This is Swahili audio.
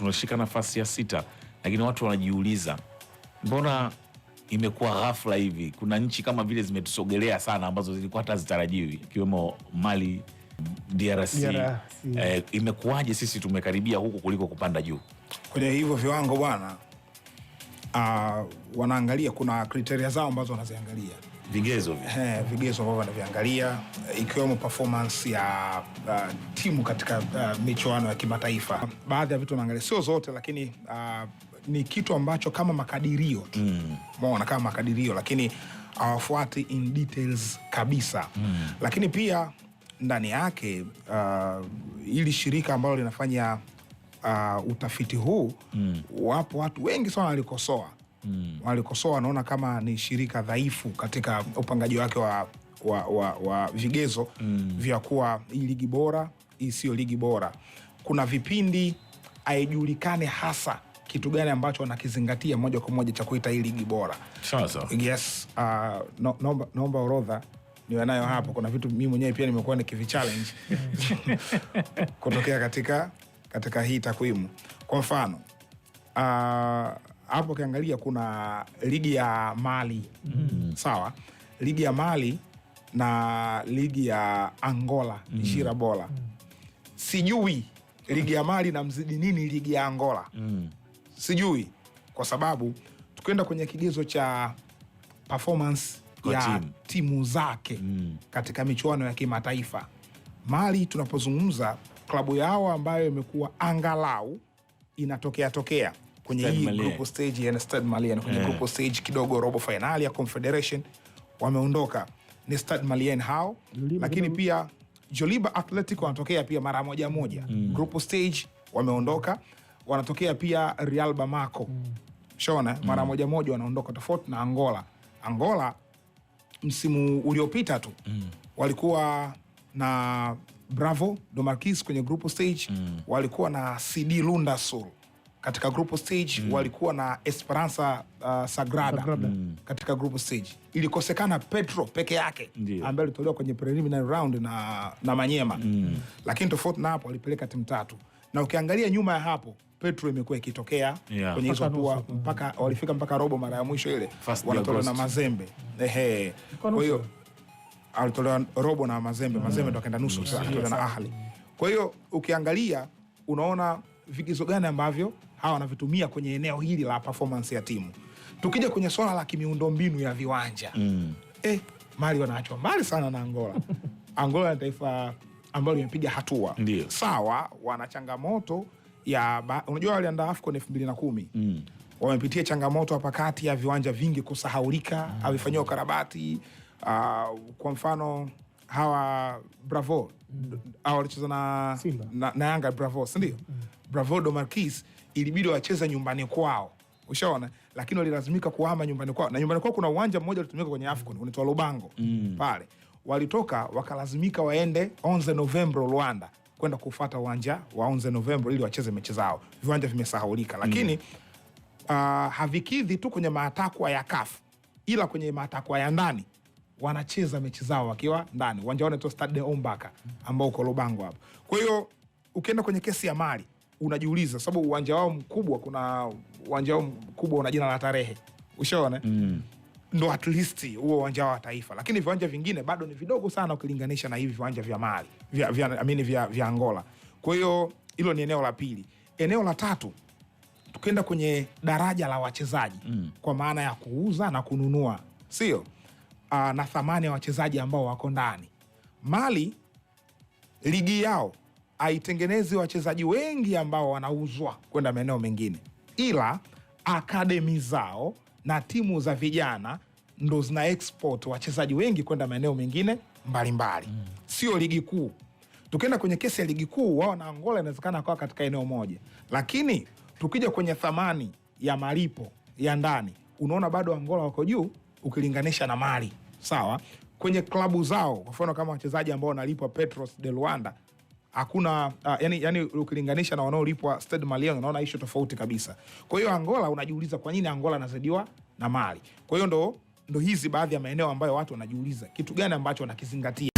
tunashika nafasi ya sita, lakini watu wanajiuliza mbona imekuwa ghafla hivi. Kuna nchi kama vile zimetusogelea sana ambazo zilikuwa hata zitarajiwi ikiwemo Mali, DRC, DRC. E, eh, imekuwaje sisi tumekaribia huku kuliko kupanda juu kwenye hivyo viwango bwana? Uh, wanaangalia kuna kriteria zao ambazo wanaziangalia vigezo eh, vigezo ambavyo wanaviangalia ikiwemo performance ya uh, timu katika uh, michuano ya kimataifa. Baadhi ya vitu wanaangalia, sio zote, lakini uh, ni kitu ambacho kama makadirio tu mm. kama makadirio, lakini hawafuati in details kabisa mm. Lakini pia ndani yake uh, ili shirika ambalo linafanya uh, utafiti huu mm. Wapo watu wengi sana walikosoa mm. walikosoa wanaona kama ni shirika dhaifu katika upangaji wake wa, wa, wa, wa vigezo mm. vya kuwa hii ligi bora, hii sio ligi bora. Kuna vipindi haijulikane hasa kitu gani ambacho wanakizingatia moja kwa moja cha kuita hii ligi bora. Sasa yes, uh, no, naomba, naomba orodha niwe nayo hapo. Kuna vitu mimi mwenyewe pia nimekuwa nikivichallenge kutokea katika katika hii takwimu. Kwa mfano uh, hapo ukiangalia kuna ligi ya Mali mm. sawa, ligi ya Mali na ligi ya Angola mm. Shira Bola mm. sijui ligi ya Mali na mzidi nini ligi ya Angola mm. sijui, kwa sababu tukienda kwenye kigezo cha performance Kwa ya team. timu zake mm. katika michuano ya kimataifa Mali tunapozungumza klabu yao ambayo imekuwa angalau inatokea tokea kwenye hii group stage ya Stade Malien kwenye yeah. group stage kidogo robo finali ya Confederation wameondoka ni Stade Malien hao Joliba, lakini Joliba. pia Joliba Athletic wanatokea pia mara moja moja mm. group stage wameondoka, wanatokea pia Real Bamako mm. shona mm. mara mm. moja moja wanaondoka, tofauti na Angola. Angola msimu uliopita tu mm. walikuwa na Bravo Domarquis kwenye group stage mm. walikuwa na CD Lunda Soul katika group stage mm. walikuwa na Esperanza uh, Sagrada, Sagrada. Mm. Katika group stage ilikosekana Petro peke yake ambaye alitolewa kwenye preliminary round na, na Manyema mm. Lakini tofauti na hapo alipeleka timu tatu, na ukiangalia nyuma ya hapo Petro imekuwa ikitokea yeah. kwenye hizo hatua mpaka walifika mpaka robo mara ya mwisho ile wanatolewa na Mazembe ehe, kwa hiyo alitolewa robo na Mazembe mm. Mazembe ndo akaenda nusu, yes. na Ahli. Kwa hiyo ukiangalia unaona vigizo gani ambavyo hawa wanavitumia kwenye eneo hili la performance ya timu. Tukija kwenye swala la kimiundombinu ya viwanja mm. eh, Mali wanaachwa mbali sana na Angola Angola ni taifa ambalo limepiga hatua Ndiyo. Sawa, wana changamoto ya ba... unajua waliandaa AFCON elfu mbili na kumi mm. wamepitia changamoto hapa kati ya viwanja vingi kusahaulika mm. havifanyiwa ukarabati uh, kwa mfano hawa Bravo mm. walicheza na, na, na Yanga Bravo, ndio? mm. Bravo do Marquis ilibidi wacheze nyumbani kwao, ushaona, lakini walilazimika kuhama nyumbani kwao, na nyumbani kwao kuna uwanja mmoja ulitumika kwenye AFCON mm. unaitwa Lubango mm. pale walitoka wakalazimika waende 11 novembro Rwanda kwenda kufata uwanja wa 11 novembro ili wacheze mechi zao. Viwanja vimesahaulika, mm. lakini mm. uh, havikidhi tu kwenye matakwa ya kafu, ila kwenye matakwa ya ndani wanacheza mechi zao wakiwa ndani. Uwanja wao unaitwa Stade Ombaka ambao uko Lubango hapo. Kwa hiyo ukienda kwenye kesi ya mali unajiuliza, sababu uwanja wao mkubwa, kuna uwanja wao mkubwa una jina la tarehe, ushaona mm. Ndo at least huo uwanja wa taifa, lakini viwanja vingine bado ni vidogo sana ukilinganisha na hivi viwanja vya Mali vya, vya, amini vya, vya Angola. Kwa hiyo hilo ni eneo la pili. Eneo la tatu tukienda kwenye daraja la wachezaji mm. kwa maana ya kuuza na kununua, sio ah, na thamani ya wachezaji ambao wako ndani Mali ligi yao aitengeneze wachezaji wengi ambao wanauzwa kwenda maeneo mengine, ila akademi zao na timu za vijana ndo zina export wachezaji wengi kwenda maeneo mengine mbalimbali mm. Sio ligi kuu. Tukienda kwenye kesi ya ligi kuu, wao na Angola inawezekana akawa katika eneo moja, lakini tukija kwenye thamani ya malipo ya ndani, unaona bado Angola wako juu ukilinganisha na Mali. Sawa, kwenye klabu zao, kwa mfano kama wachezaji ambao wanalipwa Petros de Luanda hakuna uh, yani, yani ukilinganisha na wanaolipwa Stade Malien unaona ishu tofauti kabisa. Kwa hiyo Angola, unajiuliza kwa nini Angola anazidiwa na Mali? Kwa hiyo ndo ndo hizi baadhi ya maeneo ambayo watu wanajiuliza kitu gani ambacho wanakizingatia.